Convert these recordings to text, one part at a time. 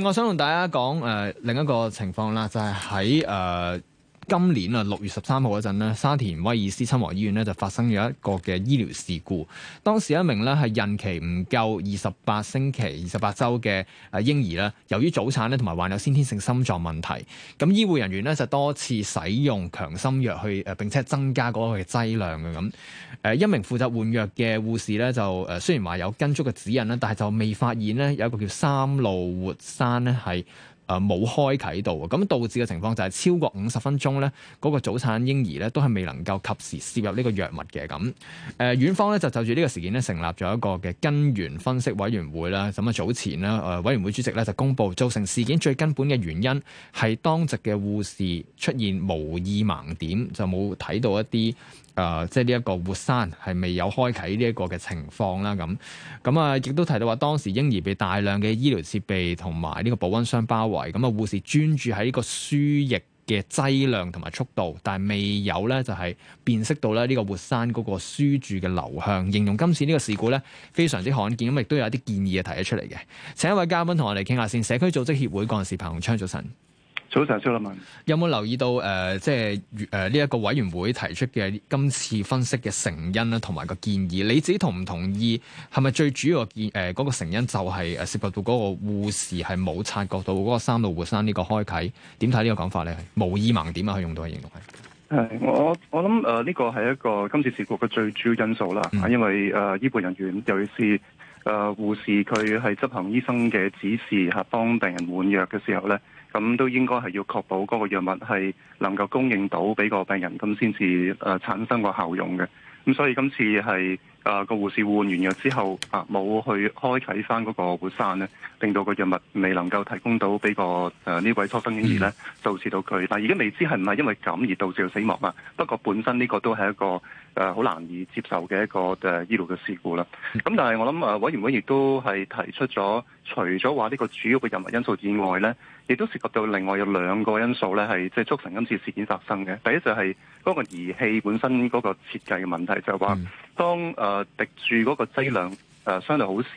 我想同大家講誒、呃、另一個情況啦，就係喺誒，呃今年啊六月十三號嗰陣咧，沙田威爾斯親王醫院咧就發生咗一個嘅醫療事故。當時一名咧係孕期唔夠二十八星期二十八週嘅誒嬰兒咧，由於早產咧同埋患有先天性心臟問題，咁醫護人員咧就多次使用強心藥去誒，並且增加嗰個劑量嘅咁。誒一名負責換藥嘅護士咧就誒，雖然話有跟足嘅指引咧，但係就未發現咧有一個叫三路活栓咧係。誒冇開啟到，咁導致嘅情況就係超過五十分鐘。呢嗰個早產嬰兒呢，都係未能夠及時攝入呢個藥物嘅咁。誒、呃，院方咧就就住呢個事件咧成立咗一個嘅根源分析委員會啦。咁啊，早前呢、呃，委員會主席咧就公布造成事件最根本嘅原因係當值嘅護士出現無意盲點，就冇睇到一啲。誒，即係呢一個活栓係未有開啟呢一個嘅情況啦，咁咁啊，亦都提到話當時嬰兒被大量嘅醫療設備同埋呢個保溫箱包圍，咁啊，護士專注喺呢個輸液嘅劑量同埋速度，但係未有咧就係辨識到咧呢個活栓嗰個輸注嘅流向。形容今次呢個事故咧非常之罕見，咁亦都有啲建議嘅提咗出嚟嘅。請一位嘉賓同我哋傾下先，社區組織協會幹事彭鴻昌早晨。早晨，肖立文。有冇留意到誒、呃，即係誒呢一個委員會提出嘅今次分析嘅成因咧，同埋個建議，你自己同唔同意？係咪最主要嘅建誒嗰個成因就係誒涉及到嗰個護士係冇察覺到嗰個三路活栓呢個開啓？點睇呢個講法咧？冇意盲點啊，用到形容係。係我我諗誒，呢、呃這個係一個今次事故嘅最主要因素啦。因為誒、呃、醫護人員，尤其是誒護、呃、士，佢係執行醫生嘅指示嚇幫、啊、病人換藥嘅時候咧。咁都應該係要確保嗰個藥物係能夠供應到俾個病人，咁先至誒產生個效用嘅。咁所以今次係。啊、呃！個護士換完藥之後，啊冇去開啟翻嗰個活栓咧，令到個藥物未能夠提供到俾個誒呢、呃、位初生嬰兒咧，導致到佢。但係而家未知係唔係因為噉而導致到死亡嘛？不過本身呢個都係一個誒好、呃、難以接受嘅一個誒、呃、醫療嘅事故啦。咁、嗯、但係我諗啊、呃，委員會亦都係提出咗，除咗話呢個主要嘅人物因素以外咧，亦都涉及到另外有兩個因素咧，係即係促成今次事件發生嘅。第一就係嗰個儀器本身嗰個設計嘅問題，就係、是、話。嗯當誒、呃、滴住嗰個劑量誒、呃、相對好少，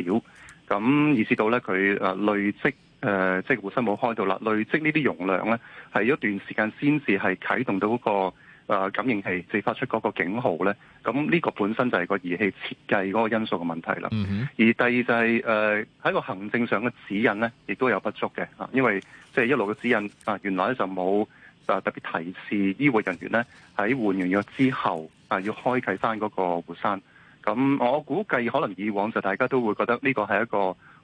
咁以致到咧佢誒累積誒、呃、即係活栓冇開到啦，累積呢啲容量咧係一段時間先至係啟動到、嗰個誒、呃、感應器，即發發出嗰個警號咧。咁呢個本身就係個儀器設計嗰個因素嘅問題啦。Mm hmm. 而第二就係誒喺個行政上嘅指引咧，亦都有不足嘅，因為即係一路嘅指引啊，原來咧就冇。啊！特別提示醫護人員咧，喺換完藥之後啊、呃，要開啟翻嗰個活栓。咁我估計可能以往就大家都會覺得呢個係一個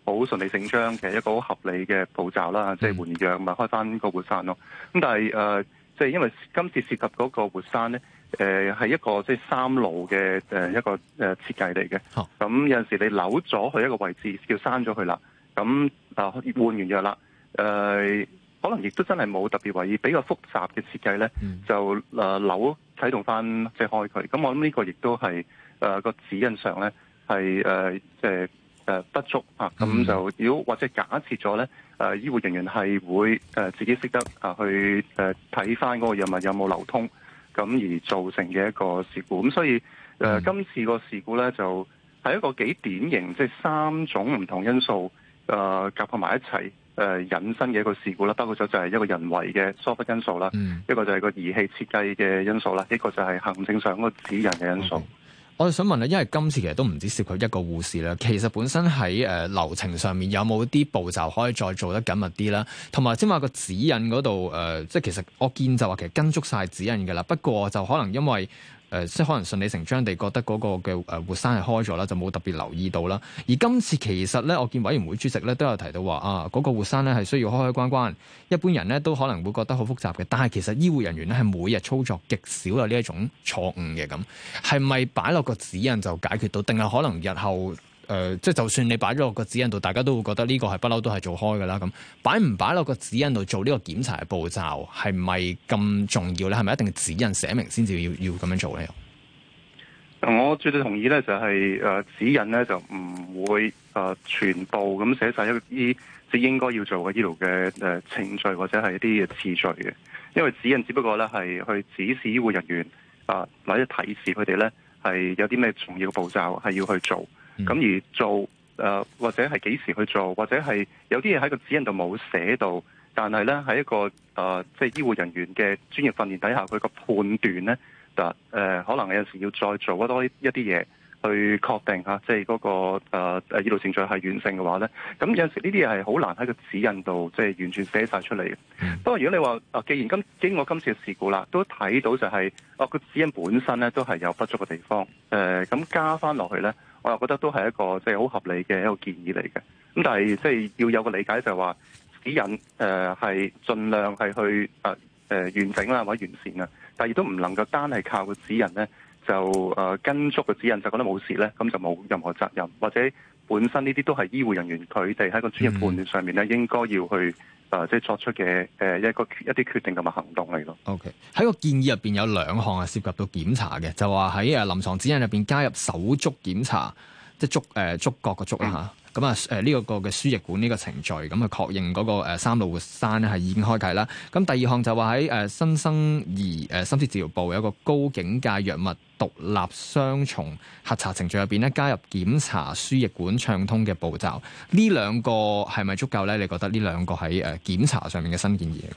好順理成章嘅一個好合理嘅步驟啦，即、就、係、是、換藥咪埋開翻個活栓咯。咁但係誒，即、呃、係、就是、因為今次涉及嗰個活栓咧，誒、呃、係一個即係、就是、三路嘅誒一個誒設計嚟嘅。咁、oh. 有陣時候你扭咗佢一個位置，叫閂咗佢啦。咁啊，換完藥啦，誒、呃。可能亦都真係冇特別為意比較複雜嘅設計咧，嗯、就誒扭啟動翻即係開佢。咁我諗呢個亦都係誒個指引上咧係誒即係誒不足啊。咁就如果或者假設咗咧誒醫護人員係會誒、呃、自己識得啊去誒睇翻嗰個藥物有冇流通，咁而造成嘅一個事故。咁、嗯、所以誒、呃嗯、今次個事故咧就係一個幾典型，即、就、係、是、三種唔同因素誒夾、呃、合埋一齊。誒引申嘅一個事故啦，包括咗就係一個人為嘅疏忽因素啦，嗯、一個就係個儀器設計嘅因素啦，一個就係行政上個指引嘅因素。Okay. 我就想問咧，因為今次其實都唔止涉及一個護士啦，其實本身喺誒、呃、流程上面有冇啲步驟可以再做得緊密啲啦，同埋先話個指引嗰度誒，即、呃、係其實我見就話其實跟足晒指引嘅啦，不過就可能因為。誒、呃，即係可能順理成章地覺得嗰、那個嘅誒、呃、活栓係開咗啦，就冇特別留意到啦。而今次其實咧，我見委員會主席咧都有提到話啊，嗰、那個活栓咧係需要開開關關，一般人咧都可能會覺得好複雜嘅。但係其實醫護人員咧係每日操作極少有呢一種錯誤嘅，咁，係咪擺落個指引就解決到，定係可能日後？誒，即係、呃、就算你擺咗落個指引度，大家都會覺得呢個係不嬲都係做開㗎啦。咁擺唔擺落個指引度做呢個檢查嘅步驟係咪咁重要咧？係咪一定指引寫明先至要要咁樣做咧？我絕對同意咧，就係誒指引咧就唔會誒全部咁寫晒。一啲即係應該要做嘅醫療嘅誒程序或者係一啲嘅次序嘅，因為指引只不過咧係去指示醫護人員啊、呃、或者提示佢哋咧係有啲咩重要嘅步驟係要去做。咁、嗯、而做，誒、呃、或者係幾時去做，或者係有啲嘢喺個指引度冇寫到，但係咧喺一個誒，即、呃、係、就是、醫護人員嘅專業訓練底下，佢個判斷咧，就、呃、可能有陣時候要再做多一啲嘢去確定吓，即係嗰個誒、呃、醫療程序係完成嘅話咧，咁有陣時呢啲嘢係好難喺個指引度即係完全寫晒出嚟。嗯、不過如果你話，既然今經過今次嘅事故啦，都睇到就係、是，哦個指引本身咧都係有不足嘅地方，誒、呃、咁加翻落去咧。我覺得都係一個即係好合理嘅一個建議嚟嘅，咁但係即係要有個理解就係話指引誒係、呃、盡量係去誒誒、呃呃、完整啦，或者完善啦，但係亦都唔能夠單係靠個指引咧。就誒、呃、跟足嘅指引，就覺得冇事咧，咁就冇任何責任，或者本身呢啲都係醫護人員佢哋喺個專業判斷上面咧，應該要去誒、呃、即係作出嘅誒一個一啲決定同埋行動嚟咯。O.K. 喺個建議入邊有兩項係涉及到檢查嘅，就話喺誒臨床指引入邊加入手足檢查，即係足誒足角嘅足啦嚇。咁啊誒呢個個嘅輸液管呢個程序，咁、嗯、啊確認嗰、那個、呃、三路活栓係已經開啟啦。咁第二項就話喺誒新生兒誒、呃、深切治，治療部有一個高警戒藥物。獨立雙重核查程序入邊咧，加入檢查輸液管暢通嘅步驟，呢兩個係咪足夠咧？你覺得呢兩個喺誒檢查上面嘅新建議嚟？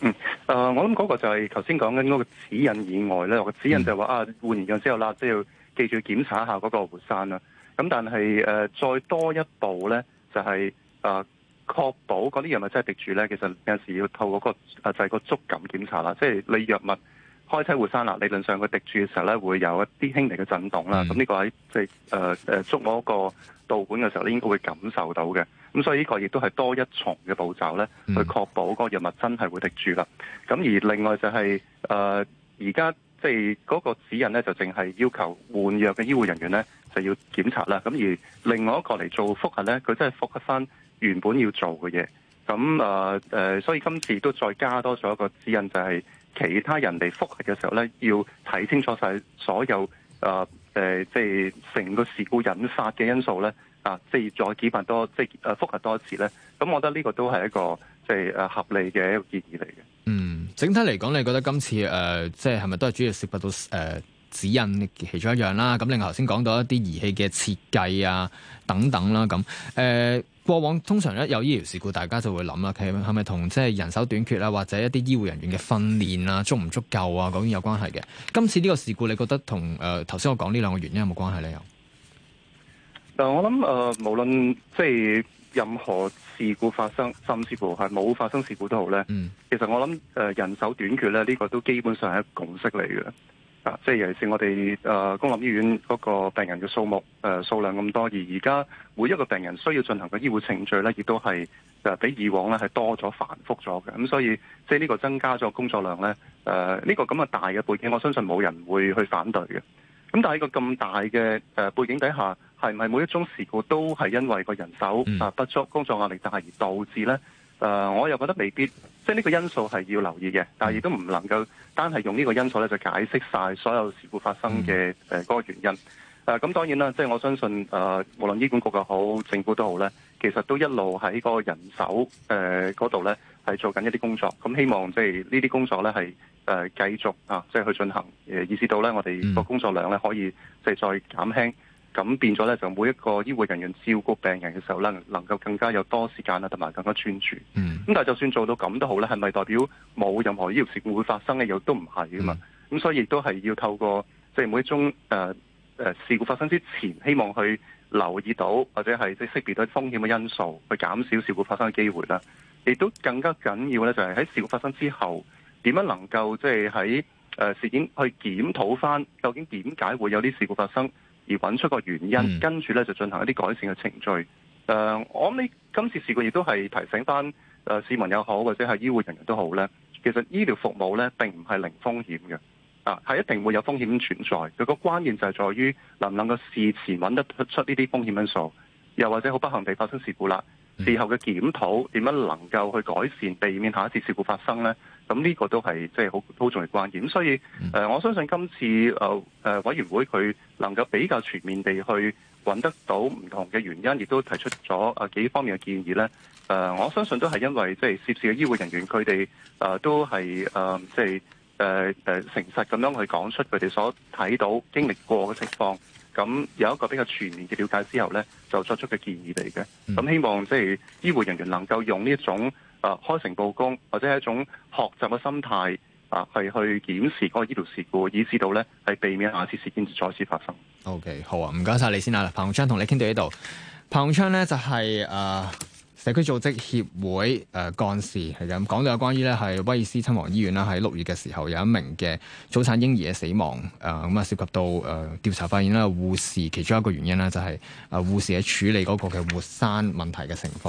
嗯，誒、呃，我諗嗰個就係頭先講緊嗰個指引以外咧，個指引就話、嗯、啊換完藥之後啦，即係要記住檢查一下嗰個活栓啦。咁但係誒、呃、再多一步咧，就係、是、誒、呃、確保嗰啲藥物真係滴住咧。其實有陣時候要透過、那個就係、是、個觸感檢查啦，即、就、係、是、你藥物。開啟活栓啦，理論上佢滴住嘅時候咧，會有一啲輕微嘅震動啦。咁呢、嗯、個喺即係誒誒觸摸個導管嘅時候咧，應該會感受到嘅。咁所以呢個亦都係多一重嘅步驟咧，去確保嗰個藥物真係會滴住啦。咁、嗯、而另外就係誒而家即係嗰個指引咧，就淨係要求換藥嘅醫護人員咧，就要檢查啦。咁而另外一個嚟做複核咧，佢真係複核翻原本要做嘅嘢。咁誒誒，所以今次都再加多咗一個指引，就係、是。其他人嚟覆核嘅時候咧，要睇清楚晒所有誒誒、呃呃，即係成個事故引發嘅因素咧，啊，即係再幾百多，即係誒覆核多一次咧，咁我覺得呢個都係一個即係誒合理嘅一個建議嚟嘅。嗯，整體嚟講，你覺得今次誒、呃、即係係咪都係主要涉及到誒、呃、指引其中一樣啦？咁你頭先講到一啲儀器嘅設計啊等等啦咁誒。過往通常一有醫療事故，大家就會諗啦，係咪同即係人手短缺啊，或者一啲醫護人員嘅訓練啊足唔足夠啊，嗰啲有關係嘅。今次呢個事故，你覺得同誒頭先我講呢兩個原因有冇關係呢？又嗱，我諗誒，無論即係任何事故發生，甚至乎係冇發生事故都好咧。嗯、其實我諗誒、呃，人手短缺咧，呢、這個都基本上係一個共識嚟嘅。啊，即係尤其是我哋誒公立醫院嗰個病人嘅數目誒、呃、數量咁多，而而家每一個病人需要進行嘅醫護程序咧，亦都係誒比以往咧係多咗繁複咗嘅，咁、嗯、所以即係呢個增加咗工作量咧，誒、呃、呢、呢個咁嘅大嘅背景，我相信冇人會去反對嘅。咁但係個咁大嘅誒背景底下，係咪每一宗事故都係因為個人手啊不足、工作壓力大而導致咧？誒、呃，我又覺得未必，即係呢個因素係要留意嘅，但係亦都唔能夠單係用呢個因素咧就解釋晒所有事故發生嘅嗰個原因。誒、嗯，咁、呃、當然啦，即、就、係、是、我相信誒、呃，無論醫管局又好，政府都好咧，其實都一路喺嗰個人手誒嗰度咧係做緊一啲工作。咁、嗯、希望即係呢啲工作咧係誒繼續啊，即、就、係、是、去進行，以致到咧我哋個工作量咧可以即係再減輕。咁變咗咧，就每一個醫護人員照顧病人嘅時候咧，能夠更加有多時間啦，同埋更加專注。咁、mm. 但係就算做到咁都好咧，係咪代表冇任何醫療事故會發生嘅？又都唔係啊嘛。咁、mm. 所以亦都係要透過即係每一宗誒誒事故發生之前，希望去留意到或者係即係識別到風險嘅因素，去減少事故發生嘅機會啦。亦都更加緊要咧，就係喺事故發生之後，點樣能夠即係喺誒事件去檢討翻究竟點解會有啲事故發生？而揾出個原因，跟住咧就進行一啲改善嘅程序。誒、呃，我諗你今次事故亦都係提醒翻誒、呃、市民又好，或者係醫護人員都好呢，其實醫療服務呢並唔係零風險嘅，啊，係一定會有風險存在。佢個關鍵就係在於能唔能夠事前揾得出呢啲風險因素，又或者好不幸地發生事故啦，事後嘅檢討點樣能夠去改善，避免下一次事故發生呢？咁呢個都係即係好好重要嘅關鍵，所以誒、呃，我相信今次誒誒、呃、委員會佢能夠比較全面地去揾得到唔同嘅原因，亦都提出咗誒幾方面嘅建議咧。誒、呃，我相信都係因為即係涉事嘅醫護人員佢哋誒都係誒即係誒誒誠實咁樣去講出佢哋所睇到經歷過嘅情況，咁有一個比較全面嘅了解之後咧，就作出嘅建議嚟嘅。咁、嗯、希望即係、即係、醫護人員能夠用呢一種，啊、呃，開誠佈公或者係一種學習嘅心態啊，係、呃、去檢視嗰個醫療事故，以至到咧係避免下次事件再次發生。OK，好啊，唔該晒你先啊，彭鴻昌同你傾到呢度。彭鴻昌呢就係、是、誒、呃、社區組織協會誒、呃、幹事，係咁講到有關於呢係威爾斯親王醫院啦，喺六月嘅時候有一名嘅早產嬰兒嘅死亡。誒咁啊，涉及到誒、呃、調查發現啦，護士其中一個原因咧就係、是、誒、呃、護士喺處理嗰個嘅活栓問題嘅情況。